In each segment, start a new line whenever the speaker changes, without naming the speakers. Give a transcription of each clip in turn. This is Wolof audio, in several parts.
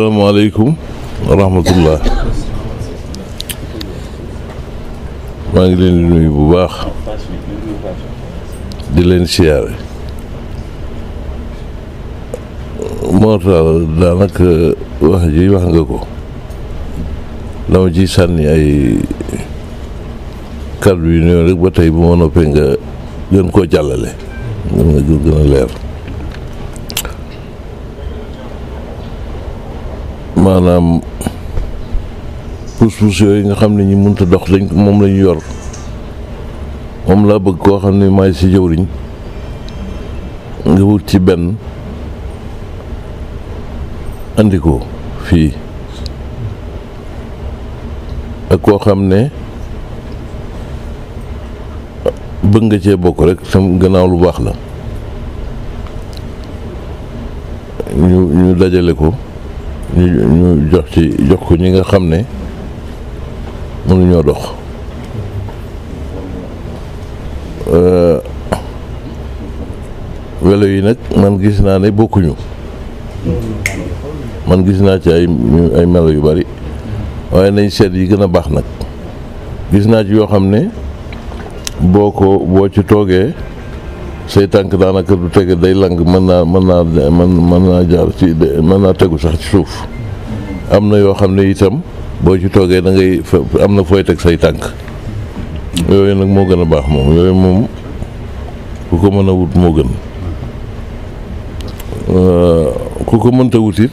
salaamaaleykum wa rahmatullah maa ngi leen di nuyu bu baax di leen siyaare moo tax daanaka wax ji wax nga ko dama ci sànni ay kàddu yu néew rek ba tey bu ma noppee nga gën koo jàllale nga gën a leer maanaam pousse-pousse yooyu nga xam ne ñi mënta dox dañ moom la yor moom laa bëgg koo xam ne maay si jëwriñ nga wut ci benn andi ko fii ak koo xam ne bëgg nga cee bokk rek tam gannaaw lu baax la ñu ñu dajale ko ñu ñu jox ci jox ko ñi nga xam ne mënuñoo dox welo yi nag man gis naa ne bokkuñu man gis naa ci ay melo yu bari waaye nañ seet yi gën a baax nag gis naa ci yoo xam ne boo ko boo ci toogee say tànk daanaka du tege day lang mën naa mën naa mën mën naa jaar ci mën naa tegu sax ci suuf am na yoo xam ne itam boo ci toogee da ngay am na fooy teg say tànk yooyu nag moo gën a baax moom yooyu moom ku ko mën a wut moo gën euh, ku ko mënta wut it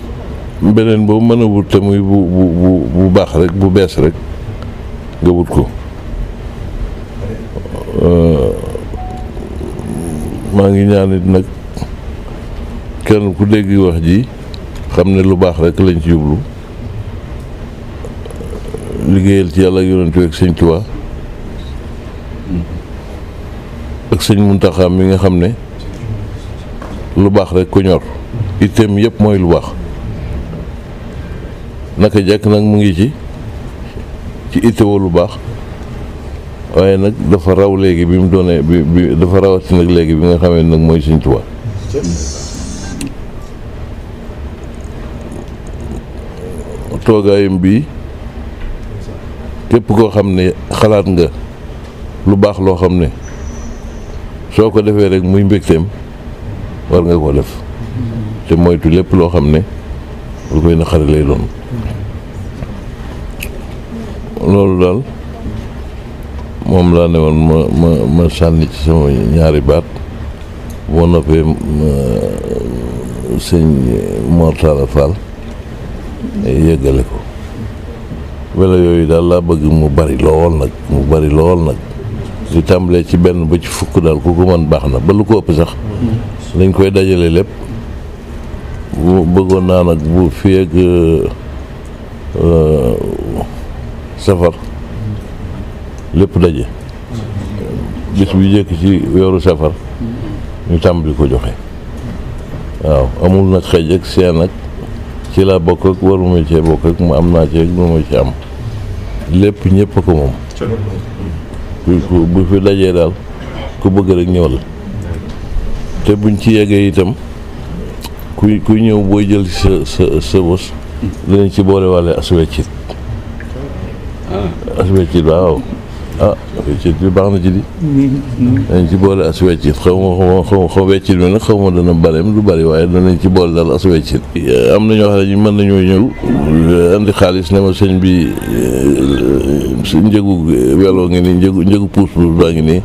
beneen boobu mën a wut te muy bu bu bu baax rek bu bees rek nga wut ko maa ngi ñaanit nag kenn ku dégg wax ji xam ne lu baax rekk lañ ci yublu liggéeyal ci yàlla ak yonent bi ak sëñ Tuubaa ak sëñ Muntaxa mi nga xam ne lu baax rekk ko ñor itam yëpp mooy lu baax naka jekk nag mu ngi ci ci itewoo lu baax waaye nag dafa raw léegi bi mu doonee bi bi dafa rawati nag léegi bi nga xamee nag mooy Sëñ Tuubaa toogaayam bi képp koo xam ne xalaat nga lu baax loo xam ne soo ko defee rek muy mbégteem war nga ko def te moytu lépp loo xam ne lu koy naqari lay doon loolu daal moom laa ne woon ma ma ma sànni ci sama ñaari baat boo noppee sëñ Mor Talla Fall yëggale ko welo yooyu daal laa bëgg mu bari lool nag mu bari lool nag di tàmbalee ci benn ba ci fukk daal ku ko mën baax na ba lu ko ëpp sax dañ koy dajale lépp bu bëggoon naa nag bu fi euh, safar lépp daje bis bu jëkk ci weeru safar ñu tàmbali ko joxe waaw amul nag xëj ak seen ak ci laa bokk ak waruma cee bokk ak mu am naa cee ak nu ma ci am lépp ñëpp ko moom bu fi dajee daal ku bëgg rek ñëwal te buñ ci yeggee itam ku ku ñëw booy jël sa sa sa bos dinañ ci boole wàlle asweccit ah. asweccit waaw ah ci bi baax na ci li dañ ci boole as weccin xaw ma xaw ma xaw nag xaw ma dana balem du bari waaye danañ ci boole daal as weccin eh, am na ñoo xam ne mën nañoo ñëw eh, andi xaalis ne ma bi eh, njëgu weloo ngi nii njëgu njëgu puus puus baa ngi nii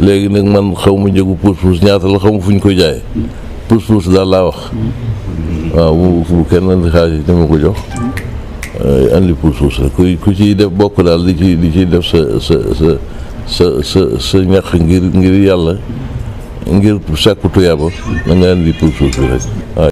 léegi nag man xaw ma njëgu puus puus ñaata la xaw ma fu ñu ko jaay puus puus daal laa wax waaw bu kenn andi xaalis yi ma ko jox Euh, andi puus-puus la ku ku ciy def bokk daal di ci ciy def sa sa sa sa sa sa ñax ngir ngir yàlla ngir sàkku tuyaaba na nga andi puus-puus rek waaw